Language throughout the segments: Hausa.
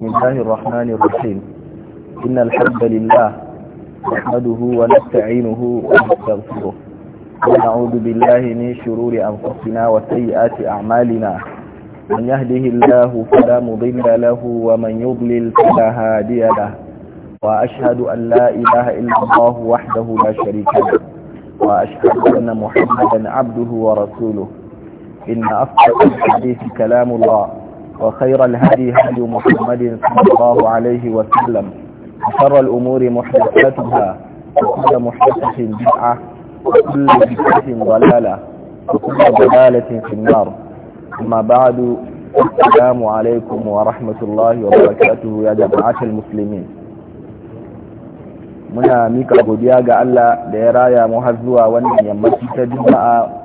بسم الله الرحمن الرحيم إن الحمد لله نحمده ونستعينه ونستغفره ونعوذ بالله من شرور أنفسنا وسيئات أعمالنا من يهده الله فلا مضل له ومن يضلل فلا هادي له وأشهد أن لا إله إلا الله وحده لا شريك له وأشهد أن محمدا عبده ورسوله إن أفضل الحديث كلام الله وخير الهدي هدي محمد صلى الله عليه وسلم وشر الأمور محدثاتها وكل محدثة بدعة وكل بدعة ضلالة وكل ضلالة في النار أما بعد السلام عليكم ورحمة الله وبركاته يا جماعة المسلمين muna mika godiya ga Allah da ya raya mu har zuwa wannan yammaci ta juma'a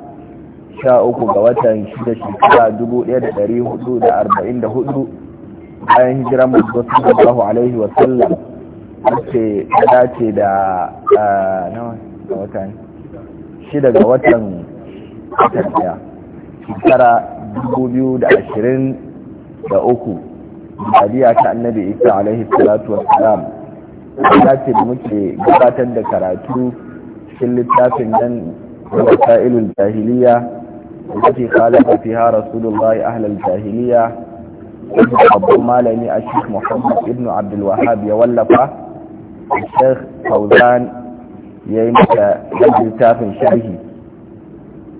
13 ga watan 6 shekara dubu da ɗari hudu da arba'in da hudu bayan hijiran manzo sallallahu alaihi wa sallam wacce ta dace da nawa ga watan shida ga watan watan shekara 2023 biyu da ashirin da uku ta annabi Isa alaihi salatu wa salam ta ce da muke gabatar da karatu cikin littafin nan da wata wasa'ilul jahiliya التي خالف فيها رسول الله أهل الجاهلية babban malami a sheikh muhammad ibnu abdulwahab ya wallafa sheikh fauzan ya yi mata littafin sharhi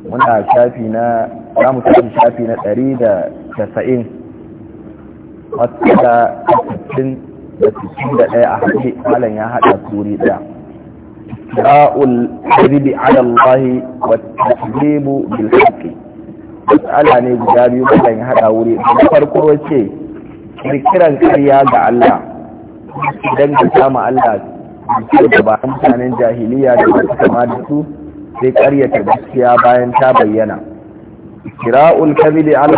muna shafi na zamu tafi shafi na 190 matsala 60 da 61 a haɗe malam ya haɗa turi ɗaya ادعاء الكذب على الله والتكذيب بالحق matsala ne guda biyu kan hada wuri da farko wace kirkiran karya ga Allah idan ka kama Allah da ba mutanen jahiliya da ba kama da su sai karyata gaskiya bayan ta bayyana kira'ul kabili ala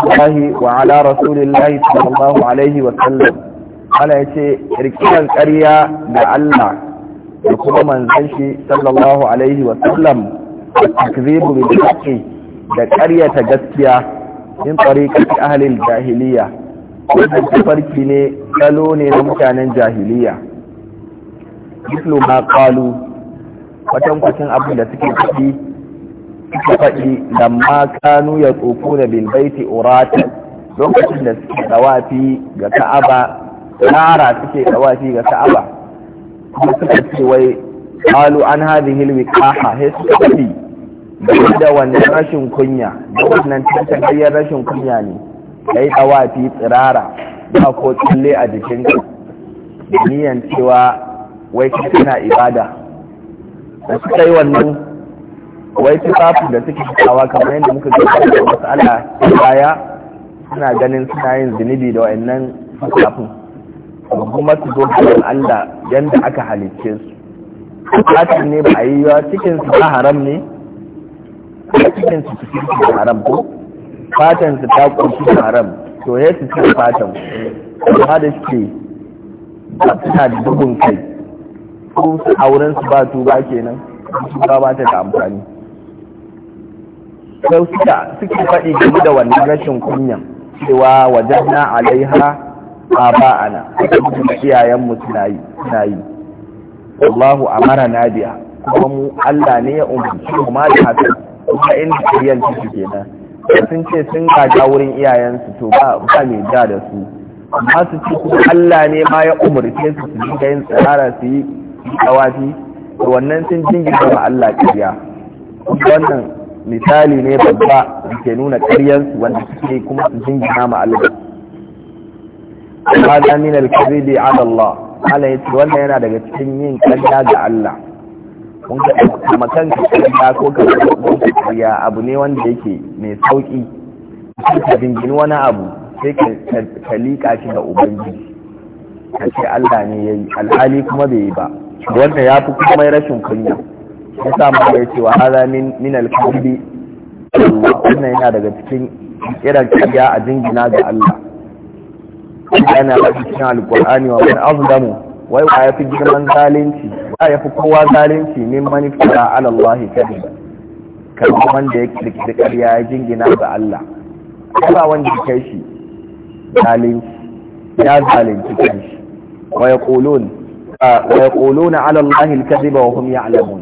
wa ala sallallahu alaihi wa sallam yace kirkiran ga Allah da kuma manzan shi sallallahu alaihi wa sallam takzibu bil haqqi da ƙaryata gaskiya min tariqati ahli al jahiliya wannan farki ne salo ne na mutanen jahiliya mislu ma qalu watan kucin abin da suke faɗi suke faɗi ma kanu ya tsofu da bilbaiti urata lokacin da suke dawafi ga ka'aba tsara suke dawafi ga ka'aba kuma suka ce wai kalu an hadhihi kaha he suka fadi da wannan rashin kunya da wannan hanyar rashin kunya ne kai tsawafi tsirara ba ko tsalle a jikinka niyan cewa wai tana ibada da suka yi wannan wai tufafin da suke fitawa kamar yadda muka gaba da ta baya suna ganin suna yin zunubi da wa'annan tufafin da kuma su zo Allah yadda aka halicce su hakan ne ba a yi yawa cikin su ta haram ne cikin su cikin su haram ko fatan su ta kunshi da haram to ya su cikin fatan ko ha da suke ba ta da dubun kai ko su auren su ba ke nan, su ba ba ta da amfani sau suka suke faɗi game da wannan rashin kunyan cewa wajen na alaiha aba'ana mu suna yi suna yi Allah amara na biya kuma mu Allah ne ya umarci mu ma da haka kuma inda su suke kenan sun ce sun gaja wurin iyayensu to ba ba mai da da su amma su ce kuma Allah ne ma ya umarce su su dinga yin tsirara su yi tsawafi to wannan sun dinga ma Allah kiriya wannan misali ne babba da ke nuna ƙaryansu wanda suke kuma su jingina ma Allah hada min al-kadhibi ala Allah ala ce wannan yana daga cikin yin kalla ga Allah mun kan makan kalla ko ka ya abu ne wanda yake mai sauki ka dingin wani abu sai ka liƙa shi ga ubangiji ka ce Allah ne yayi alhali kuma bai yi ba wanda ya fi kuma mai rashin kunya ya sa mu ya ce wa hada min min al wannan yana daga cikin irin kalla a jingina ga Allah yana faɗi cikin alkur'ani wa man azlamu wai ya fi girman zalunci wa yafi kowa zalunci min man fara ala Allah kadiba kamar wanda ya kirkiri ƙarya ya jingina ga Allah ba wanda ya kai shi zalunci ya zalunci kanshi wa yaqulun wa yaquluna ala Allah al-kadiba wa hum ya'lamun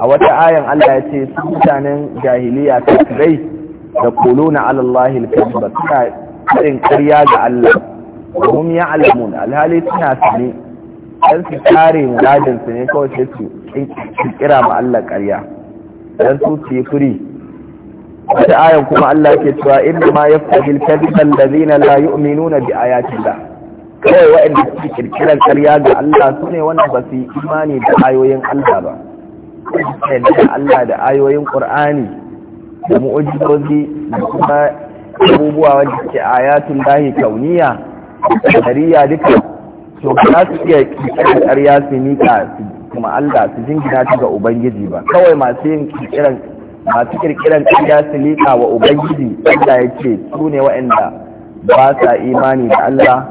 a wata ayan Allah ya ce su mutanen jahiliya ta kai da kuluna ala Allah al-kadiba suna ƙarin ƙarya ga Allah hum ya'lamun alhali suna sane dan su kare muradin su ne kawai sai su kira ma Allah ƙarya dan su ci furi wata ayan kuma Allah ke cewa inna ma yaftahil kadhiba alladhina la yu'minuna bi ayatillah kawai waɗanda suke kirkirar ƙarya ga Allah su ne wanda ba su yi imani da ayoyin Allah ba da Allah da ayoyin ƙur'ani da mu'ujizozi da kuma abubuwa wanda ke ayatun lahi kauniya shari'a duka to ba su iya kiran ƙarya su miƙa kuma Allah su jingina su ga ubangiji ba kawai masu yin kiran masu kirkiran ƙarya su liƙa wa ubangiji Allah ya ce su ne ba sa imani da Allah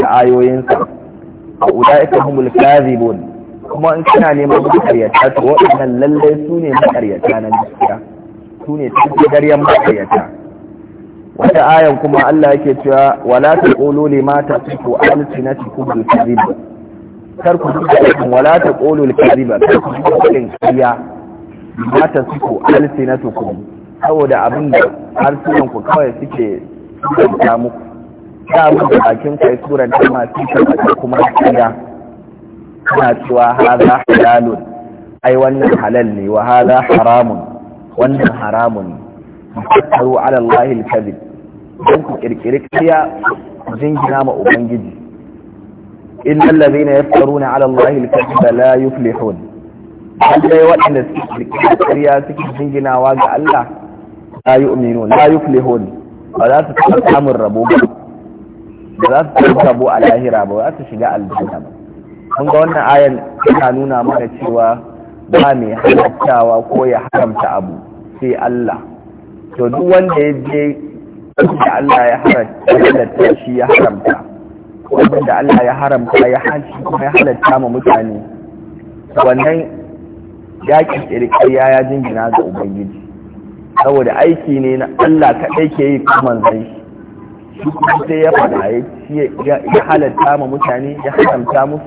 da ayoyinsa a ita humul kazibun kuma in kana neman makaryata to waɗannan lallai su ne makaryata na gaskiya su ne cikin garyan makaryata wata ayan kuma Allah yake cewa wala taqulu lima tasifu alsinatukum alkazib kar ku duka wala taqulu alkaziba kar ku duka kin kariya lima tasifu alsinatukum saboda abin da harsunan ku kawai suke ta muku ta abin da bakin kai suran ta masu ta kuma kariya kana cewa haza halalun ai wannan halal ne wa haza haramun wannan haramun ne تفتروا على الله الكذب don ku kirkiri ƙarya jingina ma ubangiji In illal ladina na ala allahi al da la yuflihun dai waɗanda suke kirkiri kariya suke jinginawa ga Allah la yu'minu la yuflihun ba za su taɓa samun rabo ba ba za su taɓa rabo a lahira ba za su shiga aljanna ba kun ga wannan ayan ta nuna mana cewa ba mai halattawa ko ya haramta abu sai Allah to duk wanda ya je wanda Allah ya halatta shi ya haramta wanda Allah ya haramta ya halci kuma ya halatta ma mutane wannan ya kirkiri ƙarya ya jingina ga ubangiji saboda aiki ne na Allah kaɗai ke yi kuma zai shi kuma sai ya faɗa ya halatta ma mutane ya haramta musu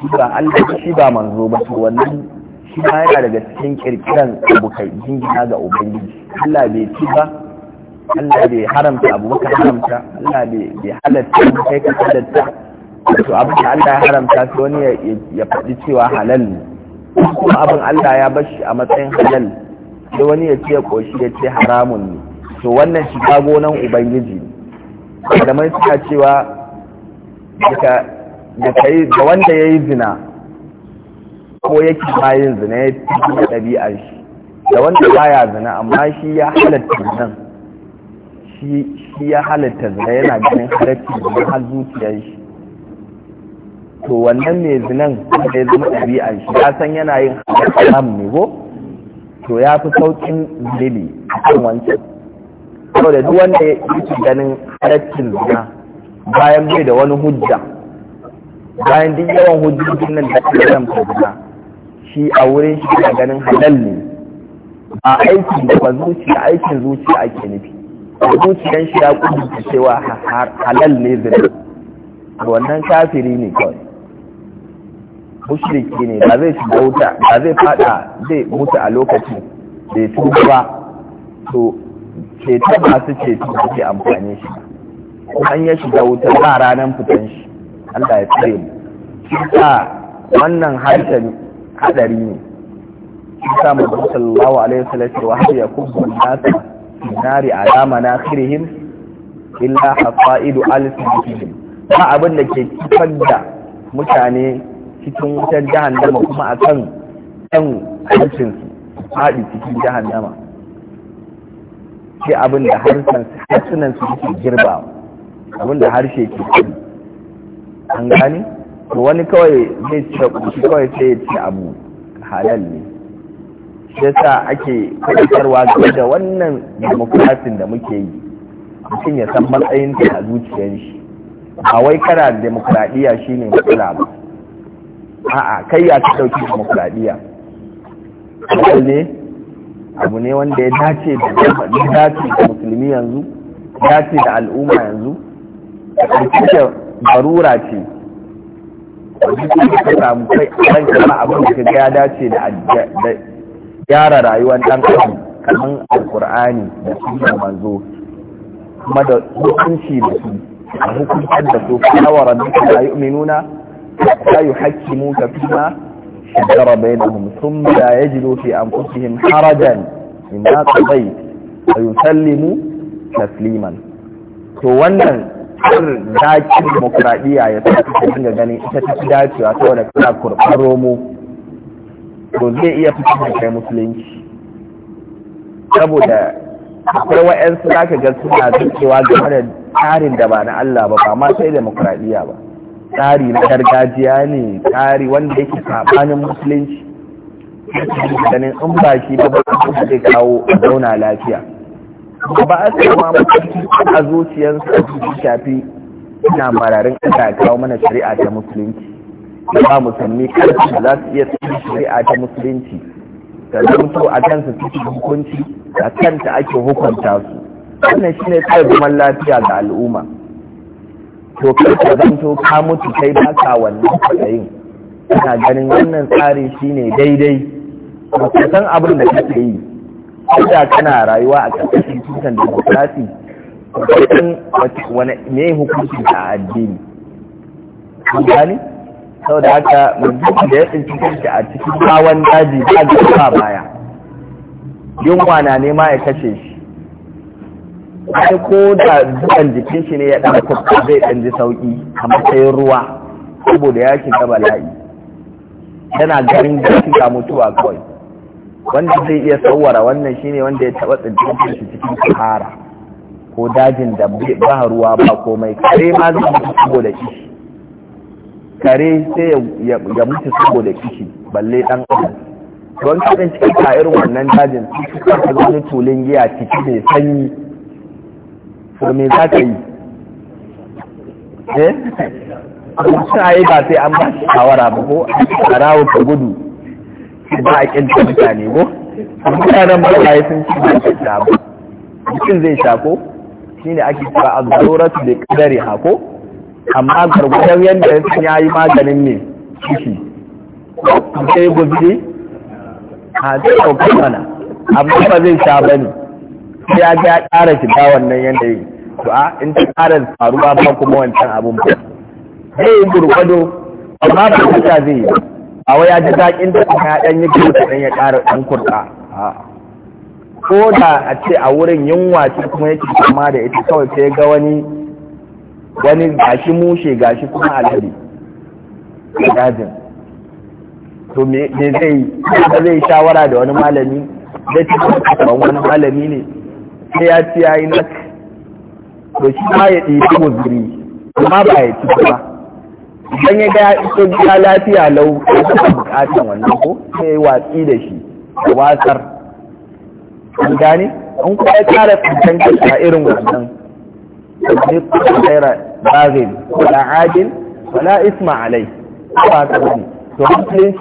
shi ba Allah shi ba manzo ba to wannan shi ma yana daga cikin kirkiran abokai jingina ga ubangiji Allah bai ci ba Allah bai haramta abu ka haramta Allah bai halatta kai ka halatta to abu da Allah ya haramta sai wani ya faɗi cewa halal ne kuma abin Allah ya bar shi a matsayin halal sai wani ya ce ya koshi ya ce haramun ne to wannan shiga gonan ubangiji ne da mai suka cewa da wanda ya yi zina ko yake bayin zina ya fi ɗabi'ar shi da wanda baya zina amma shi ya halatta nan shi ya halatta zina yana ganin halarci da har zuciyar shi to wannan mai zinan da ya zama ɗabi'ar shi ya san yana yin haram ne ko to ya fi sauƙin zili a kan wancan da duk wanda ya yi ganin halarcin zina bayan bai da wani hujja bayan duk yawan hujjojin nan da ake ramta zina shi a wurin shi ganin halal ne a aikin da ba zuciya aikin zuciya ake nufi zuciyan shi ya kudinta cewa halal ne zina wannan kafiri ne kawai mushriki ne ba zai shiga wuta ba zai fada zai mutu a lokacin da ya tuba ba to ceto masu ceto da ke amfani shi an ya shiga wuta ba ranar fitan shi Allah ya tsare mu shi sa wannan harshen hadari ne shi sa mu sallallahu alaihi wasallam wa hayya kubbu nasa nari alama na kirihim illa hafa'idu alisimihim ba abin da ke kifar da mutane cikin wutar jahannama kuma a kan ɗan su haɗi cikin jahannama ce abin da harsunan su suke girba abin da harshe ke kiri an gani wani kawai zai ce kawai sai ya ce abu halal ne yasa ake kwaitarwa game da wannan demokrasin da muke yi mutum ya san matsayin ta a zuciyar shi A wai kana demokradiyya ne matsala ba a'a kai ya ta dauki demokradiyya ne abu ne wanda ya dace da dace da musulmi yanzu dace da al'umma yanzu da barura ce a jikin kasa, samu kai a ranka kama abin da ka ga ya dace da gyara rayuwar ɗan ƙasa kaman alƙur'ani da sunan manzo kuma da hukunci da su a hukuntar da su kawo rabbika la yu'minuna la yuhaqqimuka fima da ya ji la an fi anfusihim harajan mimma qadayt wa yusallimu tasliman to wannan har zakin demokradiya ya sa ta dinga ganin ita ta dacewa saboda kana kurɓar romo to zai iya fitar da kai musulunci saboda akwai wa'yansu za ka ga suna zukewa game da tsarin da ba na Allah ba ba ma sai demokuraɗiyya ba tsari na gargajiya ne tsari wanda yake saɓanin musulunci ganin in ba shi ba ba su zai kawo a zauna lafiya ba a sai ma mutum a zuciyarsa su shafi ina mararin aka kawo mana shari'a ta musulunci da ba musulmi karfi da za su iya tsaye shari'a ta musulunci da zamto a kansa suke hukunci da kanta ake hukunta su wannan shi ne kai zaman lafiya ga al'umma to kai ka zamto ka mutu kai ba ka wannan kwaɗayin ina ganin wannan tsari shi ne daidai ba ka san abin da kake yi da kana rayuwa a ƙarƙashin tutan demokrasi wani me hukunci a addini gani Sau da haka mutum da ya tsinci kanshi a cikin kawon daji ba gaba baya yunwa na nema ya kashe shi sai ko da zuwan jikin shi ne ya ɗan kuka zai ɗan ji sauƙi a matsayin ruwa saboda ya shiga bala'i yana garin gashi ga mutuwa kawai wanda zai iya tsawara wannan shine wanda ya taɓa tsinci shi cikin sahara ko dajin da ba ruwa ba komai kare ma zai mutu saboda kishi kare sai ya mutu saboda kishi balle dan adam don kaɗan cikin ka irin wannan dajin suka ka wani tulin giya ciki mai sanyi to me za ka yi eh a yi ba sai an ba shi shawara ba ko a rawo ka gudu ba a kinta mutane ko mutanen yi sun ci ba su sha ba mutum zai sha ko shine ake cewa a zaruratu da kadari ha ko amma gargudan yadda ya yi maganin ne ciki sai gobe. a zai ɗauki mana amma ba zai sha ba ne sai ya ga ƙara shiga wannan yadda yi to a in ta ƙara faruwa ba kuma wancan abin ba zai yi gurgudu amma ba ta sha zai yi a wai ya ji zaƙin da kuma ya ɗan yi kyau ɗan ya ƙara ɗan kurɗa ko da a ce a wurin yunwa ce kuma yake kama da ita kawai sai ga wani wani gashi mushe gashi kuma alhari a dajin to me zai ba zai shawara da wani malami da cikin wani malami ne sai ya ci ya yi nak to shi ma ya ɗi guzuri kuma ba ya ci ba idan ya ga ito gida lafiya lau ya taɓa bukatan wannan ko sai ya watsi da shi Wasar. watsar an gane an kuma ya ƙara tsantan kasa irin wannan يطلق غير باغ ولا عاد ولا إثم عليه فهذا بني تهمتين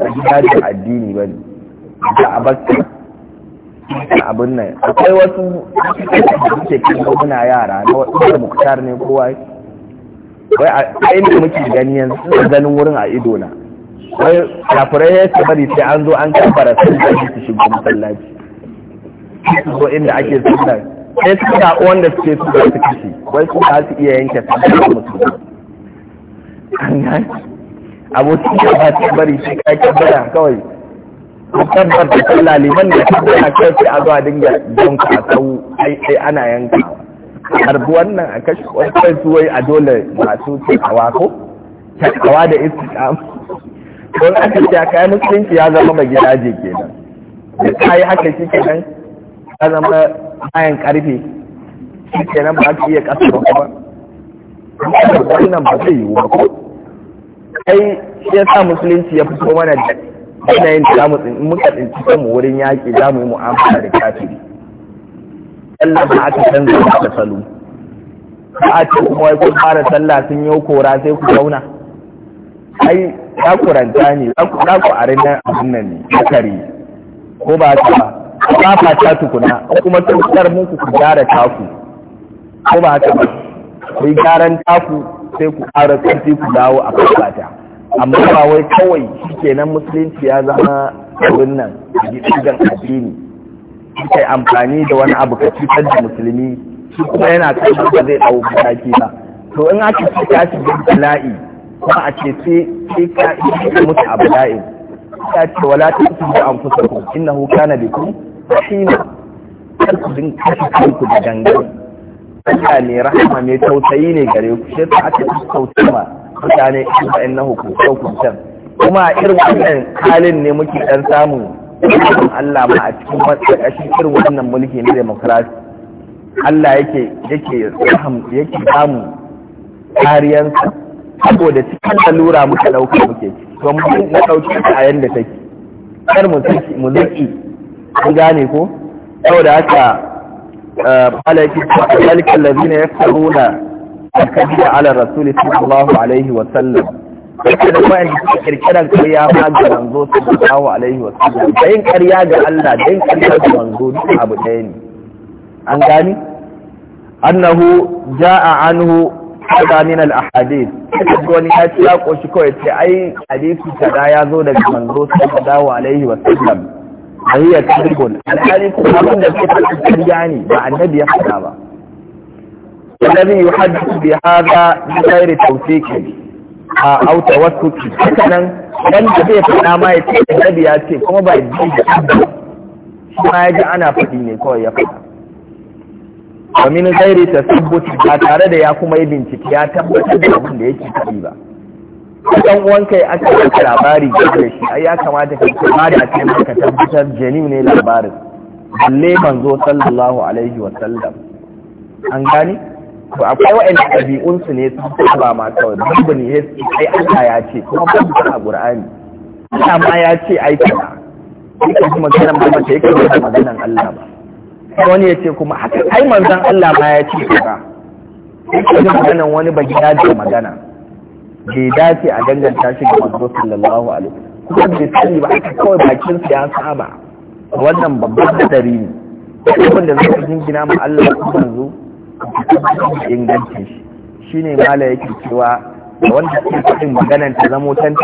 أجهاد الديني بني abin nan akwai wasu suke kan muna yara na wasu muktar ne kowa wai a inda muke gani yanzu suna ganin wurin a ido na wai kafirai ya ce bari sai an zo an kafara sun da su shigo masallaci ake sai su ta wanda suke su da su kashe wai su za su iya yanke sadaka musulmi an gani abokin da ba ta bari sai ka bada kawai tabbar da sallah liman da kabbara kai sai a zuwa dinga don a tsawo ai ai ana yanka harbi wannan a kashe wai su wai a dole masu takawa ko takawa da istiqam don aka ce kai musulunci ya zama magidaje gidaje kenan da kai haka shi kenan ya zama bayan karfe shi kenan ba ka iya kasa ba ba wannan ba zai yiwu ba ko kai shi ya sa musulunci ya fito mana da yanayin da zamu in muka tsinci mu wurin yaƙi za mu yi mu'amala da kafiri Allah ba aka canza da salo ba a ce kuma wai kun fara sallah sun yi kora sai ku zauna ai za ku ranta ne za ku arin nan abin nan ne kare ko ba ka ba ba ta tukuna kuma tukar muku ku gyara taku ko ba haka ba ku gyaran taku sai ku ƙara ƙarfi ku dawo a kafa amma ba wai kawai shikenan musulunci ya zama abin nan a gidan addini kai amfani da wani abu ka cutar da musulmi shi kuma yana kai ba zai ɗau mataki ba to in aka ce ya shiga bala'i kuma a ce sai ka mutu a bala'i ta ce wala ta kusa da an ku innahu kana bikum rahima kar ku din kashe kanku da gangan Allah ne rahama mai tausayi ne gare ku shi ta aka tausayi ma mutane inda innahu ku can kuma a irin wannan halin ne muke dan samu Allah ma a cikin matsakashin irin wannan mulki na demokrasi Allah yake yake raham yake samu kariyansa saboda cikin lalura muka ɗauka muke to don na ɗauki a yanda take kar mu saki mu zaki an gane ko saboda haka eh, malaki zalikan na ya faruna a kabiya ala rasulis sallallahu alaihi wasallam ake da wayan da kirkirar karya ma ga manzo sallallahu alaihi wasallam da yin karya ga Allah da yin karya ga manzo duk abu ɗaya ne an gani annahu ja'a anhu hada min al ahadith wani ya ci ya koshi kawai ce ai hadisi kada ya zo daga manzo sallallahu alaihi wasallam wahiyya kadibun alhali kuma abin da ke fata cikin ne ba annabi ya faɗa ba haza الذي يحدث بهذا بغير توثيق أو توثق مثلا dan da zai faɗa ma ya ce annabi ya ce kuma ba ji da shi ma ya ji ana faɗi ne kawai ya faɗa wa min ghairi tasabbut ba tare da ya kuma yi bincike ya tabbatar da abin da yake faɗi ba dan uwan kai aka yi labari da shi ai ya kamata ka ce ba da kai ka tabbatar janiu ne labarin balle manzo sallallahu alaihi wa sallam an gani to akwai wa'anda ɗabi'un su ne sun ba ma kawai babu ne ai Allah ya ce kuma babu a Qur'ani Allah ma ya ce ai kana yake kuma maganar ba mace yake da maganan Allah ba wani ya ce kuma haka ai manzon Allah ma ya ce kaza yake da maganar wani ba gida da magana bai dace a danganta shi ga manzo sallallahu alaihi kuma bai sani ba haka kawai bakin sa ya saba wannan babban hadari ne abin da zaka jingina ma Allah ko manzo ingancin shi shine mala yake cewa da wanda suke faɗin maganan ta zamo sun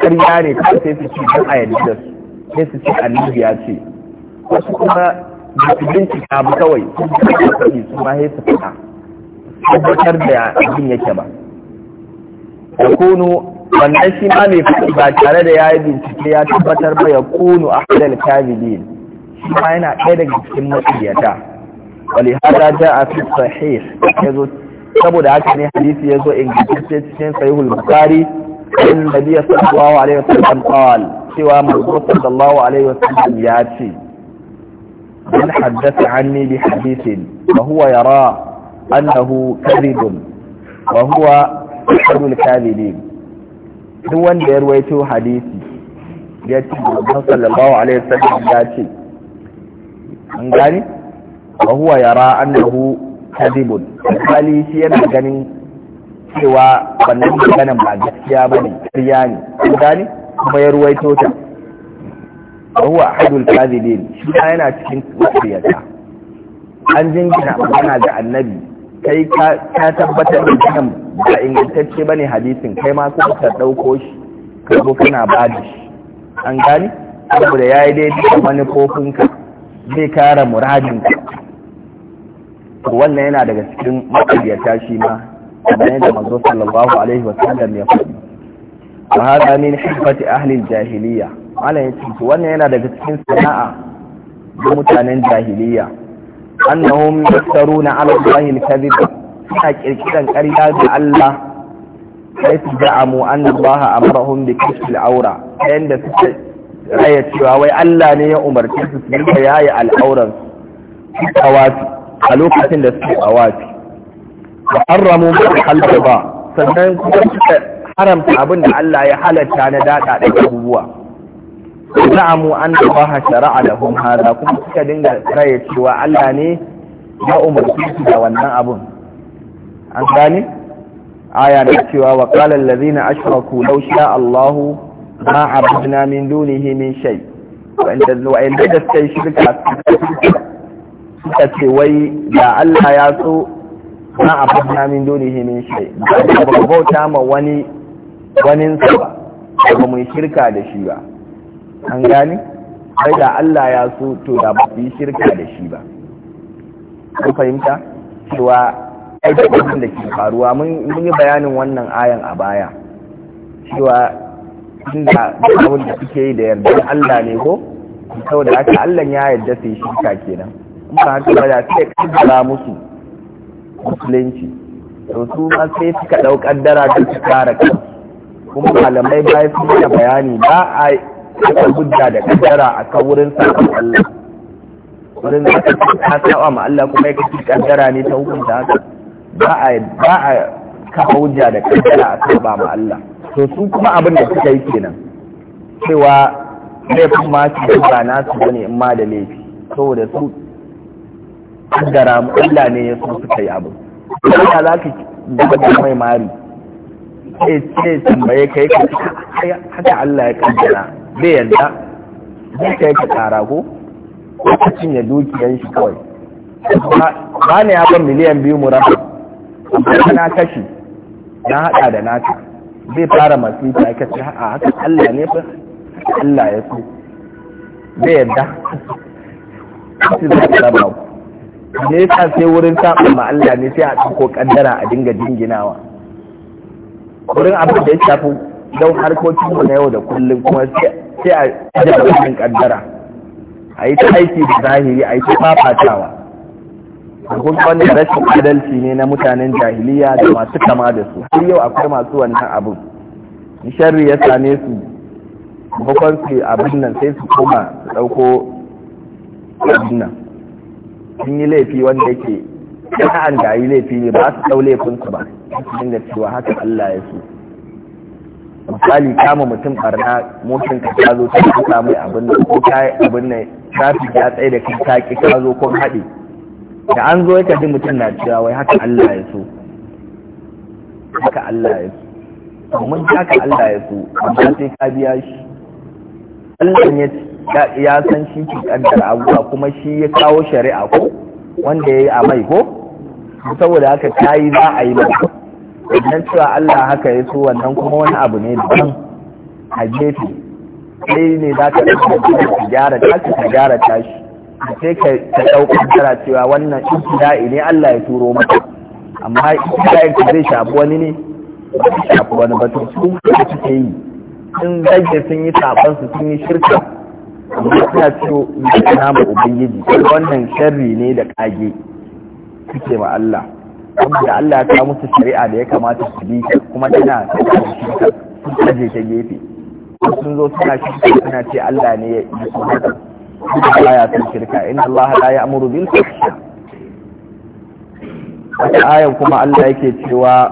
san ƙarya ne ta sai su ci don a yadda su sai su ce annabi ya ce wasu kuma da su bincika ba kawai sun ce su ma sai su faɗa tabbatar da abin yake ba ya kunu wannan shi ma mai faɗi ba tare da ya yi bincike ya tabbatar ba ya kunu a hadal kazibin shi ma yana ɗaya daga cikin matsiyata wani hada ja a fi sahih ya zo saboda haka ne hadisi ya zo ingantacce cikin sahihul bukari in nabiya sallallahu alaihi wasallam qal cewa manzo sallallahu alaihi wasallam ya ce man haddatha anni bi hadithin wa huwa yara annahu kadhibun wa huwa abul kadhibin duk wanda ya ruwaito hadisi ya ce Muhammad sallallahu alaihi sallam ya ce an gani wa huwa yara annahu kadhibun kali shi yana ganin cewa wannan maganan ba gaskiya ba ne. ƙarya ne an gani kuma ya ruwaito ta wa huwa ahadul kadhibin shi yana cikin wasiyata an jingina magana ga annabi kai ka tabbatar da kan ba ingantacce ba ne hadisin kai ma kuma ka ɗauko shi ka zo kana ba da shi an gani saboda ya yi daidai da manufofinka zai kara muradinka to wannan yana daga cikin maƙaryata shi ma kamar yadda mazo sallallahu alaihi wasallam ya faɗi wa hada min hibbati ahli jahiliya malam ya ce wannan yana daga cikin sana'a ga mutanen jahiliya annahum yaftaruna ala allahi alkadhib suna kirkiran ƙarya ga Allah sai su da'amu anna allah amarahum bi kashfi al'aura yanda suka raya cewa wai Allah ne ya umarce su su yi yayi al'auran su tawati a lokacin da suke tawati wa harramu ma halba sannan kuma suka haramta abin da Allah ya halatta na dada da abubuwa za'amu an shari'a da lahum hada kuma suka dinga raye cewa Allah ne ya umarci su da wannan abun an gane aya da cewa wa qala allazina ashraku law sha Allah ma abudna min dunihi min shay wa in tazlu ayin da sai shirka suka ce wai da Allah ya so ma abudna min dunihi min shay ba bauta ma wani wani sa ba ba mu shirka da shi ba an gani sai da Allah ya so to da ba yi shirka da shi ba kun fahimta cewa aikin da ke faruwa mun yi bayanin wannan ayan a baya cewa inda abin da suke yi da yardar Allah ne ko saboda haka Allah ya yarda su yi shirka kenan in haka ba da sai kaddara musu musulunci to su ma sai suka ɗaukar dara da su kara kuma malamai bayan sun yi bayani ba a aka gudda da kadara a kan wurin sakon Allah wurin da ka saba ma Allah kuma ya kaci kadara ne ta hukunta haka ba a ba a kafa hujja da kadara a ba ma Allah to su kuma abin da suka yi kenan cewa laifin ma su ba nasu bane in ma da laifi saboda su kadara mu Allah ne ya so suka yi abin Allah za ka gaba mai mari sai sai tambaye kai ka haka Allah ya kaddara bai yadda zai yake ka tsara ko ka cinye dukiyan shi kawai ba ne ya ban miliyan biyu mu rafa amma na kashi na haɗa da nata. zai fara masu yi ya kace a haka Allah ne fa Allah ya so bai yadda su zai ka raba ku ne yasa sai wurin saɓa ma Allah ne sai a ɗauko ƙaddara a dinga jinginawa wurin abin da ya shafi don harkokin mu na yau da kullum kuma sai sai a ajiye wannan kaddara a yi ta aiki da zahiri a yi ta fafatawa kun wani rashin adalci ne na mutanen jahiliya da masu kama da su har yau akwai masu wannan abin sharri ya same su bakon su abin nan sai su koma su ɗauko abin nan sun yi laifi wanda yake sa'an da gayi laifi ne ba su ɗau laifin ba su dinga cewa haka Allah ya so misali kama mutum barna mokin ka ta zo ta kuka mai abin da ko ta abin da traffic ya tsaye da kai ta ki ka zo kun haɗe da an zo yaka ji mutum na cewa wai haka Allah ya so haka Allah ya so domin haka Allah ya so amma sai ka biya shi Allah ya ya san shi ki kaddara abubuwa kuma shi ya kawo shari'a ko wanda ya yi a mai ko saboda haka ta yi za a yi maka idan cewa Allah haka ya so wannan kuma wani abu ne daban a gefe sai ne za ka ɗauka ka gyara tashi ka gyara tashi sai ka ɗauka tara cewa wannan ibtida'i ne Allah ya turo mata amma ibtida'in ka zai shafi wani ne ba zai shafi wani ba to sun kuma suke yi sun zage sun yi sabansu sun yi shirka amma suna ciwo mai nama ubangiji wannan sharri ne da ƙage suke ma Allah wanda Allah ya kawo musu shari'a da ya kamata su bi kuma tana sun aje ta gefe sun zo suna shirka suna ce Allah ne ya yi su haka duk baya sun shirka in Allah ya la ya'muru bil fahsha wata ayan kuma Allah yake cewa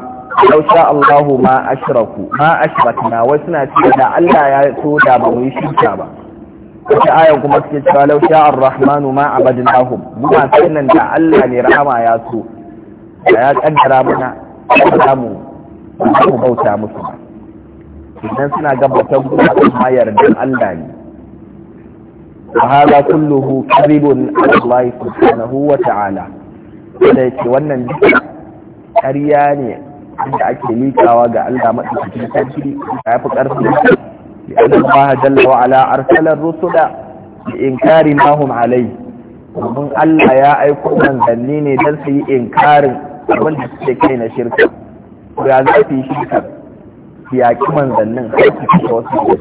law sha Allahu ma ashraku ma ashrakna wai suna cewa da Allah ya so da ba mu yi shirka ba wata ayan kuma suke cewa law sha ar-rahmanu ma abadnahum muna sanin da Allah ne rahama ya so da ya kaddara mana samu mu bauta musu ba idan suna gabatar gudu mayar, yardan Allah ne wa hada kulluhu kadhibun ala Allah subhanahu wa ta'ala da yake wannan ƙarya ne da ake mikawa ga Allah madaukakin sarki ya fi karfi bi baha jalla wa ala arsala rusula bi inkari ma hum alai domin Allah ya aiko manzanni ne don su yi inkarin abin da suke kai na shirka ya za su yi shirka su yaƙi manzannin har su ta wasu gobe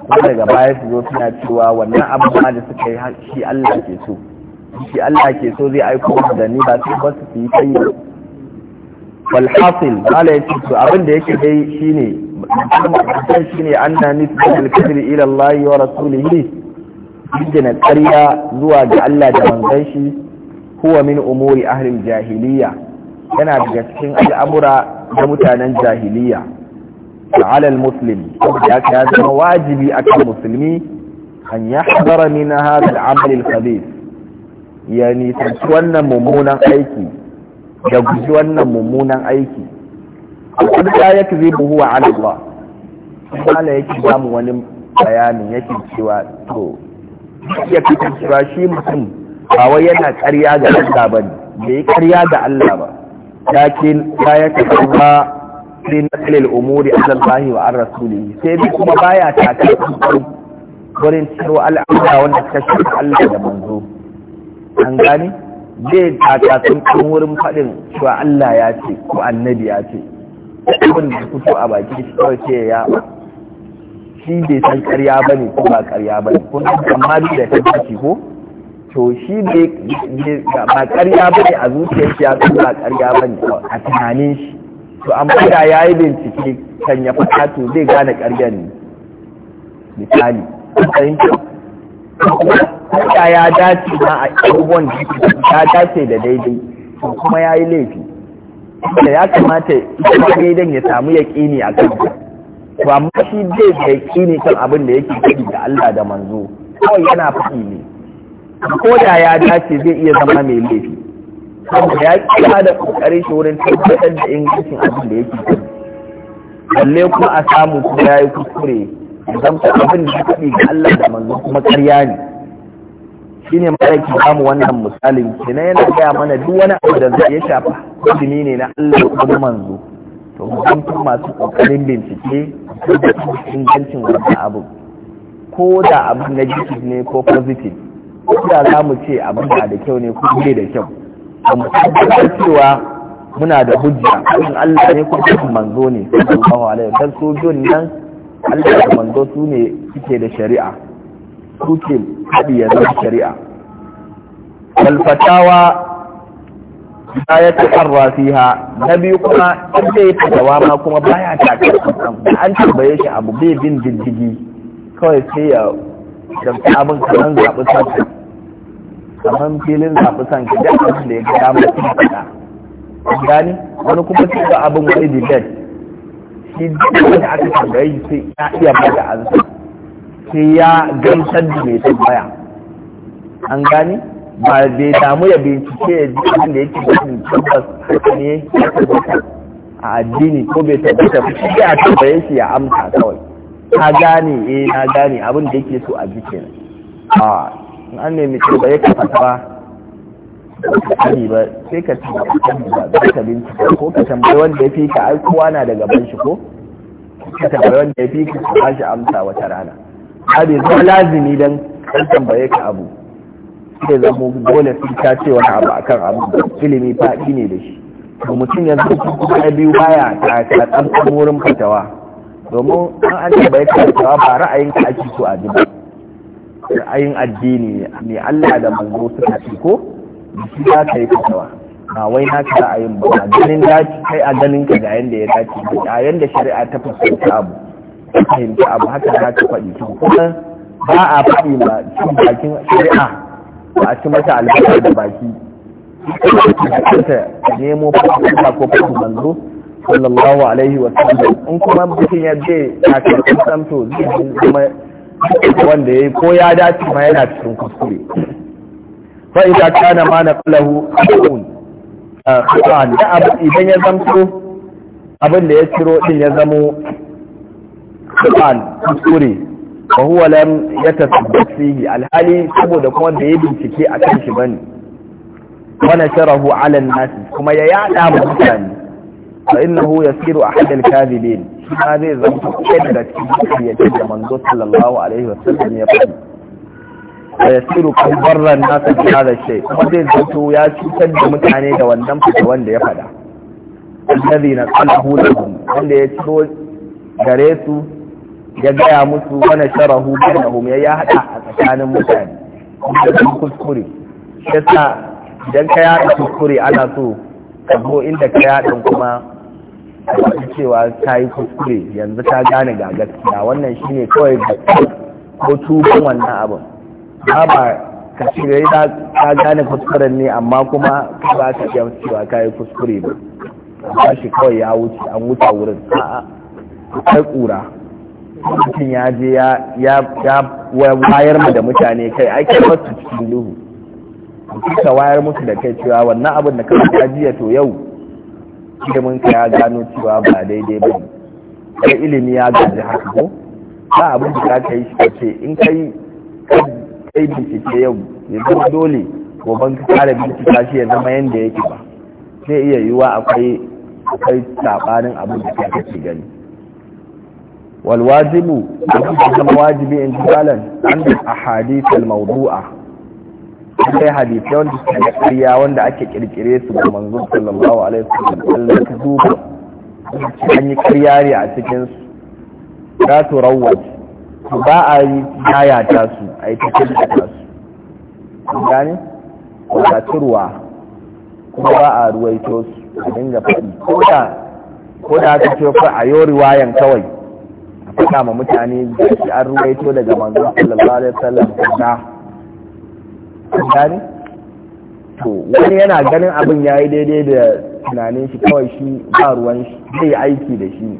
kuma daga baya su zo suna cewa wannan abubuwa da suka yi shi Allah ke so shi Allah ke so zai aiko manzanni ba su ba su yi kai walhasil mala yake to abin da yake dai shine mutum shine anna nisbatu al-kadr ila Allah wa rasulihi ƙarya zuwa ga Allah da manzanshi shi huwa min umuri ahlil jahiliya yana daga cikin al'amura da mutanen jahiliya ta'ala al-muslim ya ka zama wajibi akan musulmi an yahdara min hadha al-amal al-khabith yani tantu wannan mummunan aiki da guji wannan mummunan aiki qad la yakzibu huwa ala Allah Allah yake ba mu wani bayanin yake cewa to ya fitar cewa shi mutum ba wai yana karya ga Allah ba ne bai ƙarya ga Allah ba lakin ta kuma fi na umuri a Allah wa an rasuli sai bi kuma baya taka wurin ciro al'amura wanda suka shafi Allah da manzo an gane zai ta sun kan wurin faɗin cewa Allah ya ce ko annabi ya ce abin da fito a baki shi kawai ce ya shi bai san karya ba ne ko ba karya ba ne kun amma da ta ko to shi ne ba karya ba ne a zuciyar shi ya san ba karya ba ne a tunanin shi to amma da ya yi bincike kan ya faɗa to zai gane karyar ne misali kuma ya dace na a abubuwan ya dace da daidai to kuma ya yi laifi da ya kamata ita daidan ya samu ya yaƙini a kan to amma shi zai ya yaƙini kan abin da yake faɗi da Allah da manzo kawai yana faɗi ne ko da ya dace zai iya zama mai laifi saboda ya kira da kokarin shi wurin tabbatar da ingancin abin da yake gani. balle kuma a samu kuma ya yi kuskure ya zamta abin da faɗi ga Allah da manzo kuma karya ne Shi ne mara ke samu wannan misalin kenan yana gaya mana duk wani abu da zai shafa hukumi ne na Allah kuma manzo to masu kokarin bincike ingancin wannan abu ko da abin na ne ko positive ko da za mu ce abin da da kyau ne ku bai da kyau ba mu tabbatar cewa muna da hujja in Allah ne ku kuma manzo ne sallallahu alaihi wa sallam biyun nan Allah da manzo su ne suke da shari'a su ke hadi ya zama shari'a wal fatawa la ya taharra fiha na biyu kuma in zai fatawa ma kuma baya Da an tambaye shi abu bai bin diddigi kawai sai ya da abin kanan zaɓi sassa kamar filin zafi san ka duk abin da ya ga damar da faɗa gani wani kuma ce ga abin wani debate shi duk da aka tambaye sai ya iya bada ansa sai ya gamsar da mai tambaya an gani ba bai damu ya bincike ya ji abin da yake gudun tabbas haka ne ya tabbata a addini ko bai tabbata ba shi ya tabbaye shi ya amsa kawai ka gane eh na gane abin da yake so a jikin in an nemi ce ba ya kafa ba sani ba sai ka tambayi ba za ka bincika ko ka tambayi wanda ya fi ka ai kowa na daga ban shi ko ka tambayi wanda ya fi ka ka ba shi amsa wata rana ba bai zama lazimi don kan tambaye ka abu sai zama dole sun ta ce wani abu akan abu ilimi faɗi ne da shi to mutum yanzu, zama kuma biyu baya ta tsantsan wurin fatawa domin an an tambaye ka fatawa ba ra'ayinka ake so a ji ba ra'ayin addini ne Allah da manzo suka ci ko shi za ka yi fatawa ba wai na ka ra'ayin ba a ganin dace kai a ganin ka ga yanda ya dace ba a yanda shari'a ta fahimta abu ta fahimci abu haka za ka faɗi kuma ba a faɗi ba cin bakin shari'a ba a ci mata albarka da baki ta nemo fahimta ko fahimta manzo sallallahu alaihi wa sallam in kuma mutum ya je a karɓar samto zai kuma wanda yi ko ya dace ma yana cikin kuskure fa idza kana ma na aqul da abu idan ya zamto abin da ya ciro din ya zamo qatan kuskure wa huwa lam yatasabbat fihi alhali saboda kuma da ya bincike a kan shi bane wa nasharahu ala an-nas kuma ya yada mutane fa innahu yasiru ahad al-kadhibin shi zai zama ɗaya da cikin yake da manzo sallallahu alaihi wa sallam, ya faɗi ya tsiru kan barran nasa kira da shi. kuma zai zato ya cutar da mutane da wannan fita wanda ya faɗa annabi na qalahu lahum wanda ya ciro gare su ya gaya musu wani sharahu da ya ya haɗa a tsakanin mutane kuma kuskure yasa idan ka yaɗa kuskure ana so ka zo inda ka yaɗa kuma cewa ta yi kuskure yanzu ta gane ga gaskiya wannan shine kawai da ko tuban wannan abin ba ba ka shirya ta gane kuskuren ne amma kuma ka ba ka iya cewa ka yi kuskure ba amma shi kawai ya wuce an wuce wurin a'a kai kura mutum ya je ya wayar mu da mutane kai ake wasu cikin duhu ka wayar musu da kai cewa wannan abin da ka jiya to yau ilimin ka ya gano cewa ba daidai ba ne, kai ilimi ya gaji haka ko ba abin da za ka yi shi ce in kai kai bincike yau ya zama dole goban ka kare bincika shi ya zama yadda yake ba zai iya yiwuwa akwai akwai sabanin abin da ka kake gani والواجب wajibi in واجب انتقالا عند الأحاديث الموضوعة akwai hadisai wanda suke da ƙarya wanda ake kirkire su ga manzo sallallahu alaihi wasallam Allah ka duba an yi ƙarya ne a cikin su za su rawwat ba a yi ta su a yi cikin su gane turwa kuma ba a ruwaito su a dinga faɗi ko da aka ce fa a yi riwayan kawai a faɗa ma mutane da shi an ruwaito daga manzo sallallahu alaihi wasallam an gane to wani yana ganin abin ya yi daidai da tunanin shi kawai shi ba ruwan shi zai aiki da shi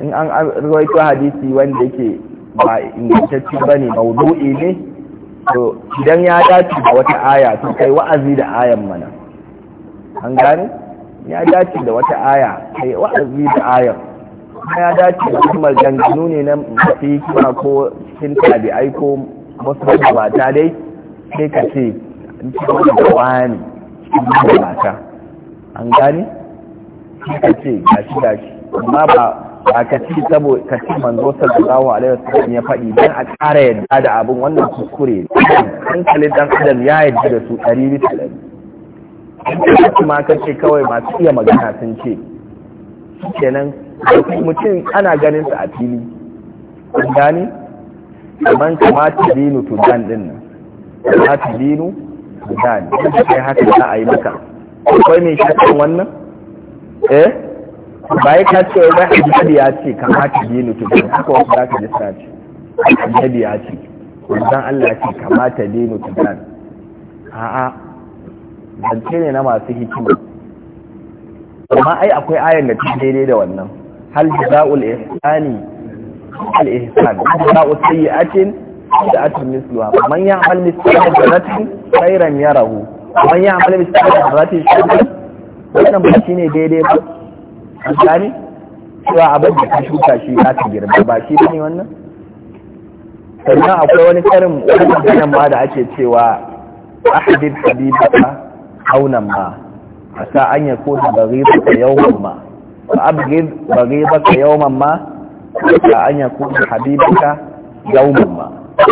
in an ruwaito hadisi wanda yake ba ingantacci ba ne maudu'i ne to idan ya dace da wata aya to kai wa'azi da ayan mana an gane ya dace da wata aya kai wa'azi da ayan ya dace da kuma ganganu ne na mafi kima ko cikin tabi'ai ko wasu mata dai sai ka ce cikin da wani cikin mata an gani, sai ka ce gashi gashi amma ba ba ka ci saboda ka ci manzo sallallahu alaihi wasallam ya faɗi dan a ƙara yadda da abin wannan kuskure hankalin dan adam ya yadda da su ɗari bisa ɗari kuma ka ce kawai masu iya magana sun ce kenan mutum ana ganin sa a fili an kaman kama tudinu tudan din nan kama tudinu tudan da kai haka za a yi maka akwai mai shakkan wannan eh Ba yi ka ce wai hadisi ya ce kama tudinu tudan haka wasu za ka ji sa ce annabi ya ce wanzan Allah ce kama tudinu tudan a'a zance ne na masu hikima amma ai akwai ayar da ta daidai da wannan hal jazaul ihsani al-ihsan ba'u sayyi'atin sa'atun misluha man ya'mal mithqala dharratin khairan yarahu man ya'mal mithqala dharratin wannan ba ne daidai ba A gane cewa abin da ka shuka shi za ka girma ba shi bane wannan sannan akwai wani karin wani ma da ake cewa ahadin habibaka aunan ma a sa an yakuna baghidaka yawon ma fa abghid baghidaka yawon ma a an ya kuma habibinka yawon ma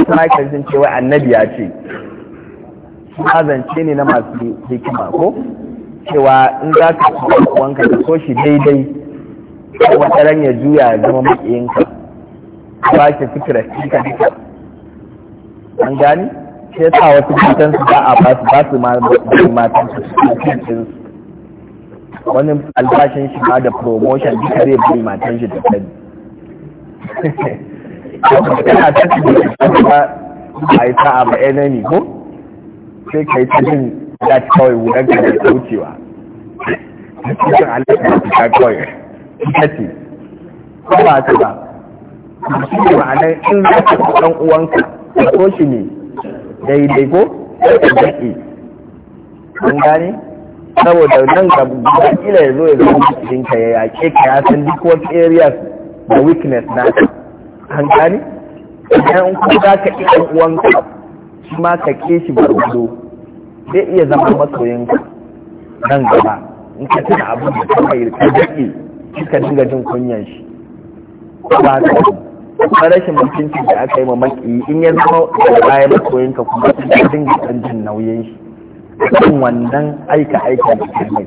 kuma ya karfin cewa annabi ya ce zance ne na masu hikima ko cewa in za ka wanka ka so shi daidai wata ran ya juya ya zama maƙiyinka ba ki fikira ka duka an gani ke sa wasu matan su ba a ba su ba su matan su cikin wani albashin shi ma da promotion duka zai bai matan shi da kai. kana ta ce a yi sa'a ba enemy eh, ko sai ka yi ta jin ya ci kawai wudan ka da wucewa a cikin alaƙa da ta kawai ita ce ko ba ta ba shi ne ma'anar in za ka ci ɗan uwanka ka ko shi ne daidai ko ka daɗe an gane saboda nan ga kila ya zo ya zama cikin ka ya yaƙe ka ya san duk wasu areas da weakness na ta. Hankali, idan kuma za ka iya uwanka shi ma ka ke shi barbudo zai iya zama ka nan gaba in ka tuna abin da ta mai ka daɗe shi ka dinga jin kunyan shi ba ka kuma rashin mutuncin da aka yi ma maki in ya zama da masoyin ka kuma ka dinga jin nauyin shi kan wannan aika aika da ke mai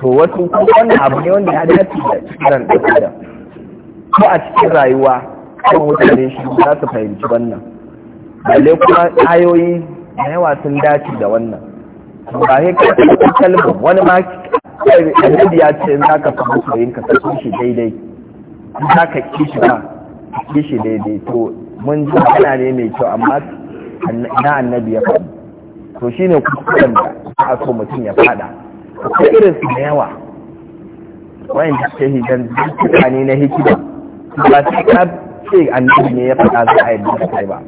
to wasu kuma wannan abu ne wanda ya dace da cikin ɗan ɗan ko a cikin rayuwa kan mutane shi za su fahimci wannan balle kuma ayoyi da yawa sun dace da wannan ba sai ka ta kalma wani ma kai ya ce za ka fahimci soyin ka ta shi daidai za ka kishi ba ka kishi daidai to mun ji magana ne mai kyau amma na annabi ya faɗi to ne kuskuren da a so mutum ya faɗa ko irin su da yawa wa'anda suke hidan mutane na hikima ba shi ka ce annabi ne ya faɗa za a yi da kai ba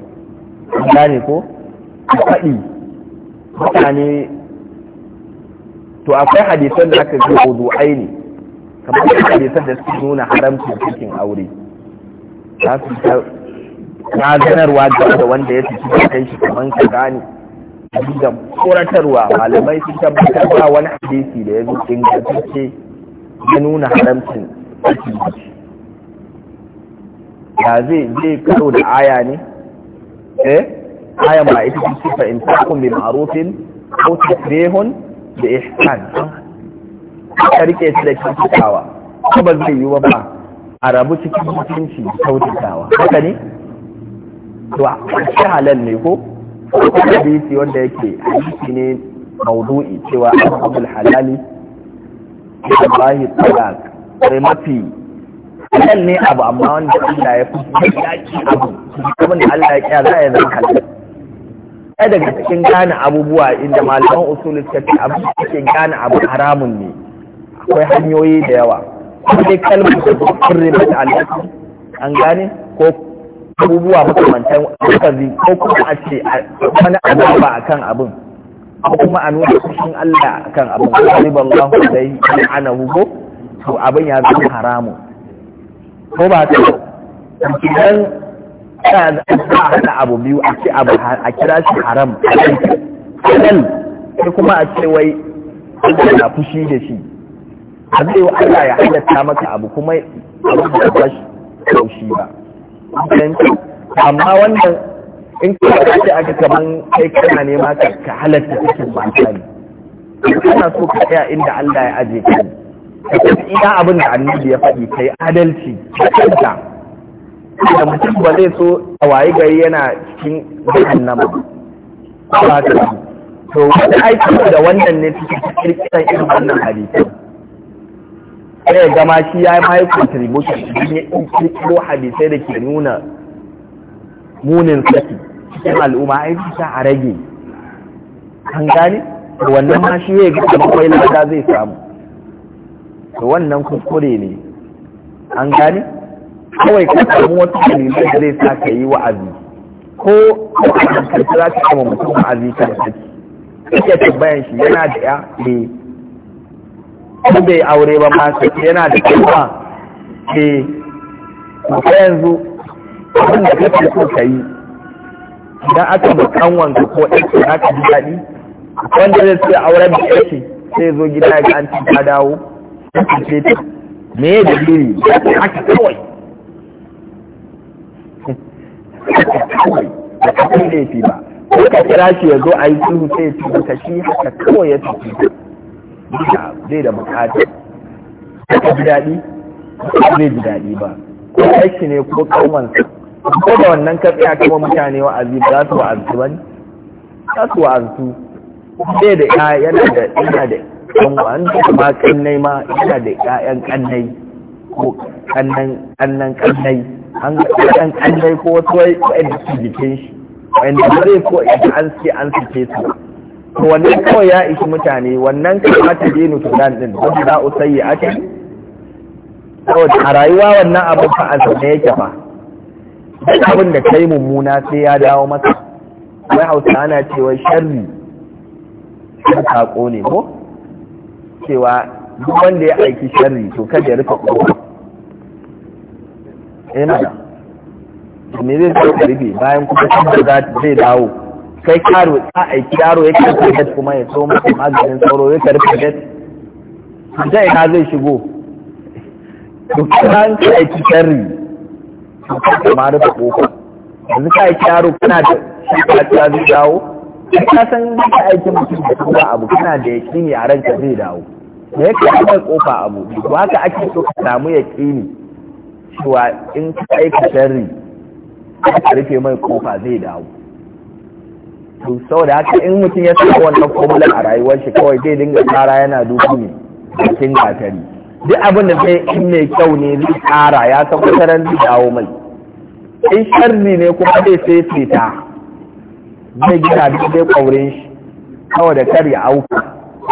gane ko a faɗi mutane to akwai hadisan da aka zai wudu'ai ne kamar hadisan da suke nuna haramcin cikin aure za su ta ƙazanarwa da wanda ya fi kai shi kamar ka gane da tsoratarwa malamai sun tabbatar ba wani hadisi da ya zo ingantacce ya nuna haramcin cikin ya zai zai karo da aya ne eh aya ba ita ce sifa in takum bi ma'rufin ko tasrihun da ihsan ka rike shi da ko ba zai yi ba a rabu cikin mutunci da haka ne to shi halal ne ko ko hadisi wanda yake hadisi ne maudu'i cewa abul halali Allah talaq sai mafi halal ne abu amma wanda Allah ya fi yaki abu abin da Allah ya kya za ya zama halal ɗaya daga cikin gane abubuwa inda malaman usul suka ce abu suke gane abu haramun ne akwai hanyoyi da yawa ko dai kalmar da zo kirri mata alaƙi an gane ko abubuwa makamantan lafazi ko kuma a ce wani azaba a kan abin ko kuma a nuna cikin Allah a kan abin ko ribar Allah da yi ana hugo to abin ya zama haramun ko ba ta idan ana hana abu biyu a ce abu a kira shi haram halal sai kuma a ce wai Allah na fushi da shi a zai Allah ya halatta maka abu kuma abu da ba shi ba amma wannan in kuma ce aka kaman kai kana nema ka halatta cikin mata ne kana so ka tsaya inda Allah ya aje ka ne ina abin da annabi ya faɗi kai adalci da kanta da mutum ba zai so a waye gari yana cikin jahannama ba ta to wani aiki da wannan ne cikin kirkiran irin wannan hadisi sai ya gama shi ya yi yi contribution cikin ya yi kirkiro hadisai da ke nuna munin saki cikin al'umma ai bisa a rage an gane wannan ma shi ya ga kwai lada zai samu to wannan kuskure ne an gane kawai ka samu wata kalima da zai sa ka yi wa'azi ko ko a hankali za ka kama mutum wa'azi kan saki kake tambayan shi yana da ya ne eh. ko bai aure ba ma sai yana da kuma ke ko yanzu abin da kake so ka yi idan aka ba kanwan ka ko ɗan ka ji daɗi wanda zai sai auren da ce, sai zo gida ga an ta dawo ta kace me ya dalili haka kawai kawai da kafin ba ko ka kira shi ya zo a yi sulhu sai ya ta shi haka kawai ya tafi ta zai da bukata ka ji daɗi zai ji daɗi ba ko aiki ne ko kalmansa ko da wannan ka tsaya kuma mutane wa'azi ba za su wa'azu ba ne za su wa'azu sai da ya yana da don wanda ma kannai ma yana da ƴaƴan kannai ko kannan kannan kannai an ƴaƴan kannai ko wasu wanda su jikin shi wanda zai ko idan an ce an suke su to wannan kawai ya ishi mutane wannan kamata da yin tunan din wanda za a sayi ake saboda a rayuwa wannan abin fa a zaune yake fa duk abin da kai mummuna sai ya dawo maka wai hausa ana cewa sharri shan ne ko cewa duk wanda ya aiki sharri to kada ya rufe kofa ina eh, da me zai zai ka bayan kuma shi da zai dawo kai karo ta aiki yaro ya karfe jet kuma ya so masa maganin tsoro ya karfe jet ta ina zai shigo to kan ka aiki sharri to ka ma rufe kofa yanzu ka aiki yaro kana da shi ta zai dawo ka san ka mutum da kuma abu kana da yaƙini a ranka zai dawo da yake akwai kofa abu ba ka ake so ka samu yaƙini cewa in ka aika sharri ka rufe mai kofa zai dawo to saboda haka in mutum ya saka wannan formular a rayuwar shi kawai zai dinga tsara yana duku ne a cikin gatari duk abin da zai in mai kyau ne zai tsara ya san kusuran zai dawo mai in sharri ne kuma zai sai fita zai gina duk zai kwaurin shi kawai da kar ya auka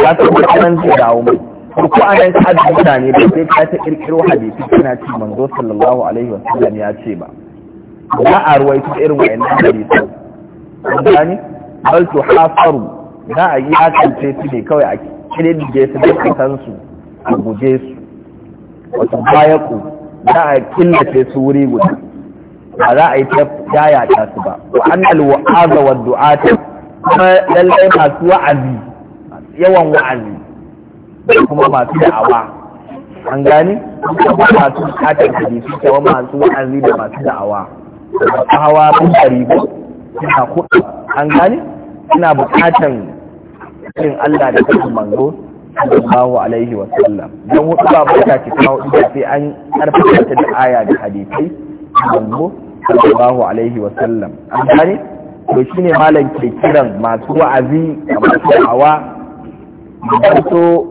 ya san kusuran zai dawo mai ko ana ta da mutane da sai ka ta kirkiro hadisi suna ci manzo sallallahu alaihi wasallam ya ce ba za a ruwaito irin wayannan hadisi gani bal tu hafaru za a yi hakance su ne kawai a kirdige su da san su a guje su wato bayaku za a killace su wuri guda ba za a yi ta yaya ta su ba wa annal wa'aza wa du'ata kuma lallai masu wa'azi yawan wa'azi da kuma masu da'awa an gani kuma masu ne suke kuma masu wa'azi da masu da'awa da hawa da karibu suna kuɗi an gani suna bukatan irin Allah da kuma manzo sallallahu alaihi wa sallam don hudu ba ba ta cika hudu da sai an karfafa ta da aya da hadisi manzo sallallahu alaihi wa sallam an gani to shine malam ke kiran masu wa'azi da masu da'awa da so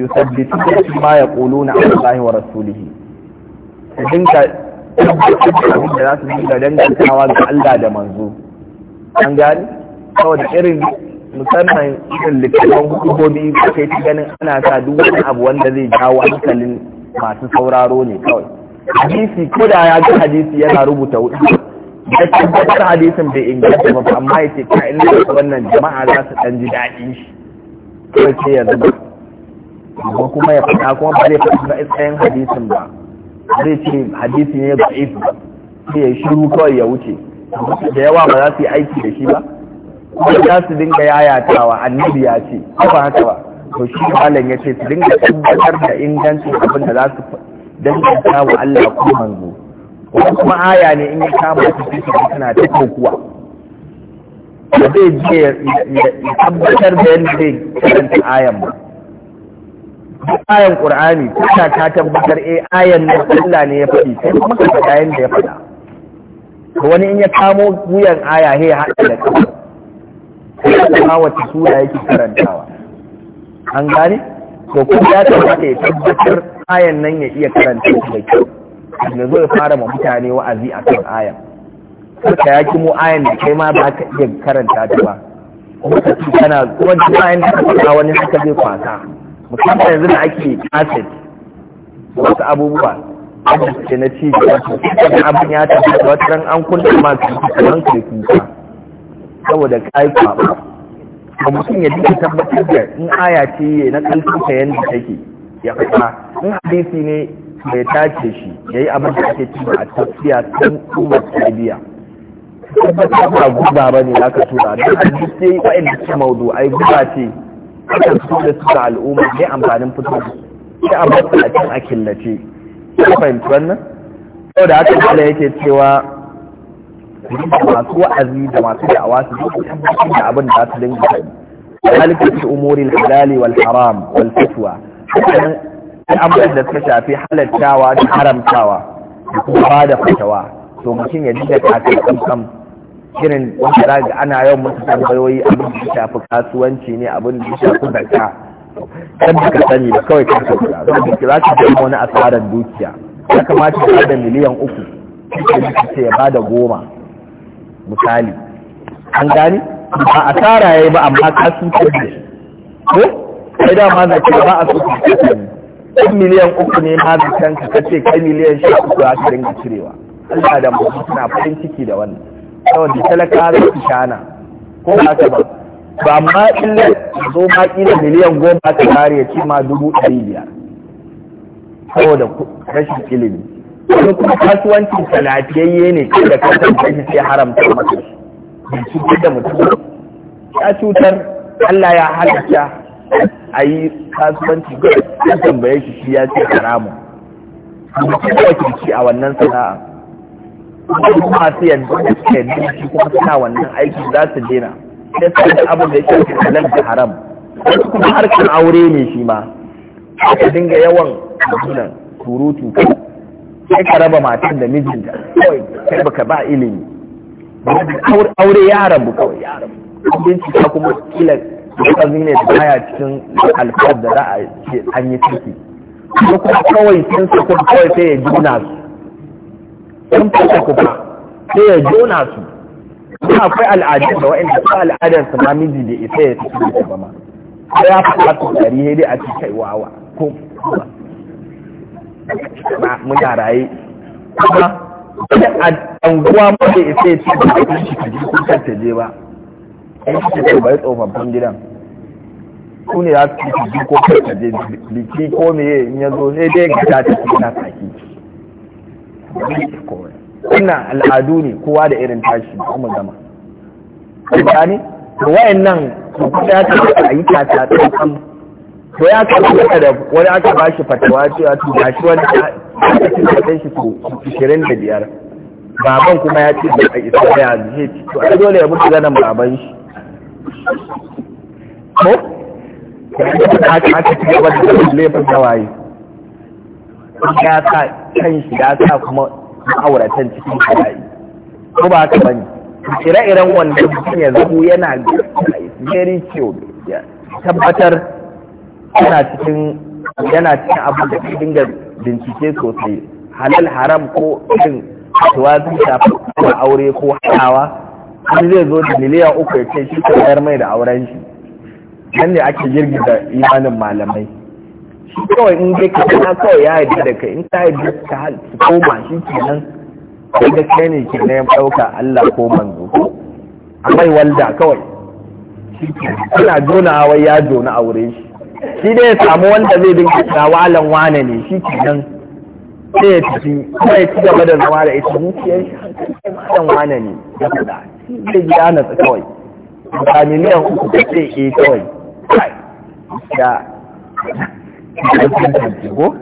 yusabbitu ma yaquluna an Allah wa rasulihi su dinka abin da za su dinga dangantawa ga Allah da manzo an gani saboda irin musamman irin littattafan hukumomi kai ta ganin ana sa duk wani abu wanda zai jawo hankalin masu sauraro ne kawai hadisi ko da ya ga hadisi yana rubuta hudu da tabbatar hadisin bai inganta ba amma ya ce ka illa wannan jama'a za su ɗan ji daɗin shi kawai sai ya ba amma kuma ya faɗa kuma ba zai faɗi ba tsayin hadisin ba zai ce hadisi ne ba if sai ya shiru kawai ya wuce da yawa ba za su yi aiki da shi ba kuma za su dinga yayatawa annabi ya ce ba haka ba to shi malam ya ce su dinga tabbatar da ingancin abin da za su danganta wa Allah ko manzo Kuma kuma aya ne in ya kama su cikin suna ta kokuwa da zai je ya tabbatar da yadda zai karanta ayan ba ayan qur'ani ta ta tabbatar eh ayan nan Allah ne ya faɗi sai kuma ka faɗa yanda ya faɗa wani in ya kamo wuyan aya he haɗa da kafa sai ma wata sura yake karantawa an gane to kuma ya tabbata ya tabbatar ayan nan ya iya karanta da kyau da zo fara ma mutane wa'azi a kan ayan ka yaki mu ayan da kai ma ba ka iya karanta ta ba kuma kana kuma ayan da ka wani haka zai kwasa musamman yanzu da ake kaset wasu abubuwa wanda ke na ci gaba abin ya tafi wata ran an kunna ma su kamar kai kuka saboda kaifa ba mutum ya duka tabbatar da in aya ce na kalfi ta yanda take ya fita in hadisi ne bai tace shi yayi abin da ake ci a tafiya tun umar tarbiya tabbatar da guba bane aka tura dan hadisi ke maudu, ai guba ce akan fito da su ga al'umma ne amfanin fito su sai a basu a cikin a killace ya fahimci wannan sau da haka kala yake cewa masu wa'azi da masu da'awa su zo tabbatar da abin da za su dinga kai halika fi umuri halali wal haram wal fitwa hakanan al'amuran da suka shafi halattawa da haramtawa da kuma ba da fatawa to mutum ya dinga kafin kam irin wata ga ana yawan musu tambayoyi abin da shafi kasuwanci ne abin da shafi zakka kan da ka sani da kawai kan sauka da za ka ga wani asarar dukiya ya kamata ka da miliyan uku da ce ya bada goma misali an gani ba asara yi ba amma ka cutar da shi ko sai da ma zaki ba a cutar da kan miliyan uku ne ma zakan ka kace kai miliyan sha uku za ka dinga cirewa Allah da mu suna farin ciki da wannan saboda talaka za su shana ko ba haka ba ba amma illa zo ma kila miliyan goma ta kare ya ci ma dubu ɗari biyar saboda rashin ilimi wani kuma kasuwanci talafiyayye ne da kasar shi sai haramta masu bai cutar da mutum ya cutar Allah ya halatta a yi kasuwanci ga tambaye shi shi ya ce haramun mutum ya wakilci a wannan sana'a kuma masu yadda da suka yadda shi kuma suna wannan aiki za su dena sai su da abin da yake halal da haram wani kuma harkar aure ne shi ma ka dinga yawan abunan surutu sai ka raba matan da mijinta kawai kai baka ba ilimi aure ya rabu kawai ya rabu bincika kuma kila kazi zine da baya cikin alfahar da za a ce an yi ciki ko kuma kawai sun sakon kawai sai ya juna su sun fata kuka, sai ya jona su kuma akwai al'adun da da su al'adar su ma miji da isa ya tafi da ba ma sai ya fata su dari dai a cikin wawa ko ba muna raye kuma a anguwa ma da isa ya tafi da ba shi kaji ko ta je ba ai shi ta bai tsofaffin gidan su ne za su ci ko kai je biki ko me ya zo sai dai ga ta tafi na saki wannan al'adu ne kowa da irin tashi ba mu gama gane wayan nan ya tafi a yi tata ta kam to ya kafa da wani aka ba shi fatawa cewa to ga shi wani aka ci da shi to 25 baban kuma ya ce da a isa ya zai ci to ai dole ya mutu zanen baban shi ko ya yi haka aka ci gaba da laifin dawaye ya sa kan ya sa kuma ma'auratan cikin bala'i ko ba bane ire-iren wanda mutum ya zamo yana very chill ya tabbatar yana cikin yana cikin abin da ke dinga bincike sosai halal haram ko irin kasuwa zai shafi aure ko hawa wani zai zo da miliyan uku ya ce shi ta mayar mai da auren shi nan ne ake girgiza imanin malamai shi kawai in dai ka na kawai ya yarda da kai in ta yarda ka koma shi kenan kai gaskiya ne ke na ya ɗauka Allah ko manzo a mai walda kawai kana jona wai ya jona a wurin shi shi dai ya samu wanda zai dinka ga walan wane ne shi kenan sai ya tafi kuma ya ci gaba da zama da ita zuciyar shi hankali wane ne ya faɗa shi zai gida na kawai ba ya uku da sai eh kawai ko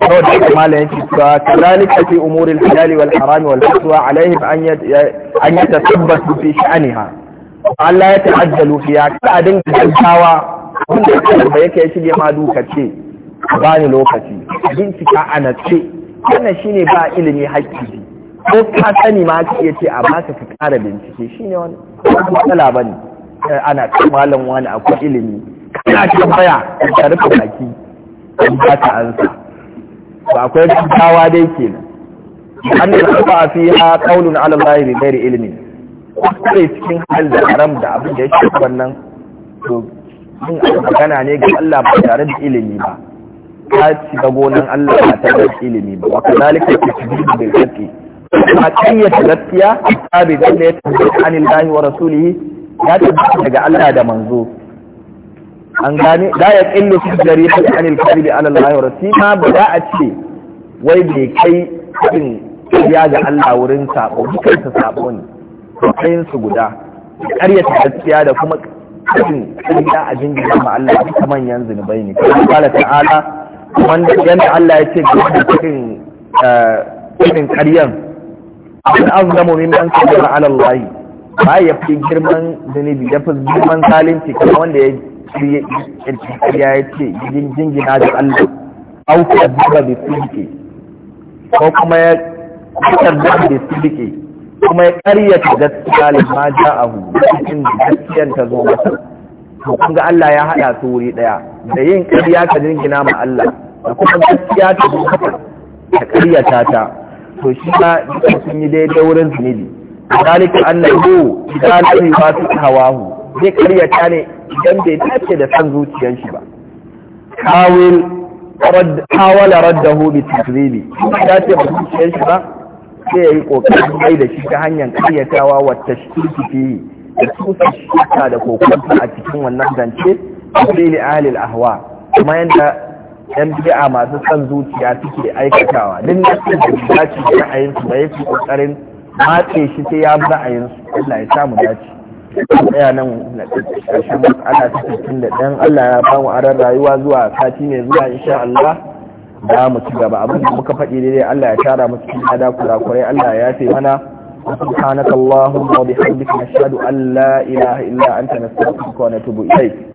saboda haka mala yake cewa kadhalika fi umurin al wal haram wal fatwa alaihim an an yatasabbasu fi sha'niha Allah ya ta'ajjalu lufiya ka dinga gaggawa wanda kalba yake shige ma duka ce ba ni lokaci bincika a nace wannan shine ba ilimi hakki ko ka sani ma ka iya ce a baka ka kara bincike ne wani matsala bane eh, ana malam wani akwai ilimi kana tambaya ka rufe baki in ba ta ansa ba akwai gaggawa dai kenan an al-arba fiha qawlun ala Allah bi ghairi ilmin kuskure cikin hal da haram da abin da ya shafi wannan to yin magana ne ga Allah ba tare da ilimi ba ta shiga gonan Allah ba tare da ilimi ba wa kadalika tasbihu bil haqqi a kayyata gaskiya ta bi da ya tabbata anillahi wa rasulihi ya tabbata daga Allah da manzo an gane da ya ƙillu fi jari fi anil karibi alal lahira shi ma ba za a ce wai bai kai abin ya ga Allah wurin sabo dukan su sabo ne kai su guda ƙaryata gaskiya da kuma kafin ƙarya a jingina ma Allah duka manyan zunubai ne kuma kala ta'ala wanda yana Allah ya ce ga cikin irin ƙaryan eh, an azlamu min an sabara ala Allah ba ya fi girman zunubi ya fi girman zalunci kuma wanda ya ya ya ce jingina da Allah au kadaba bi sidiki ko kuma ya kadaba bi sidiki kuma ya karyata gaskiya lamma ja'ahu cikin gaskiyar ta zo masa to kun ga Allah ya haɗa su wuri daya da yin karya ka jingina ma Allah da kuma gaskiya ta zo masa ta karyata ta to shi ma sun yi daidai wurin zunubi ذلك أنه إذا لم يوافق هواه zai karyata ne idan bai dace da san zuciyar shi ba kawil kawala raddahu bi takribi ba dace ba zuciyar shi ba sai yayi kokarin mai da shi ta hanyar karyatawa wa tashkiki fi da tusa shaka da kokonta a cikin wannan zance tafsili ahli al-ahwa kuma yanda yan bi'a masu san zuciya suke aikatawa din nasu da dace da ra'ayin su ba yake kokarin matse shi sai ya bi ra'ayin su Allah ya samu dace tsaya nan na ƙarshen ana ta cikin da ɗan Allah ya bamu aran rayuwa zuwa sati mai zuwa insha Allah za mu ci gaba abin da muka faɗi daidai Allah ya tara mu cikin ada kurakurai Allah ya fi mana subhanakallahumma wa bihamdika nashhadu an la ilaha illa anta nastaghfiruka wa natubu ilayk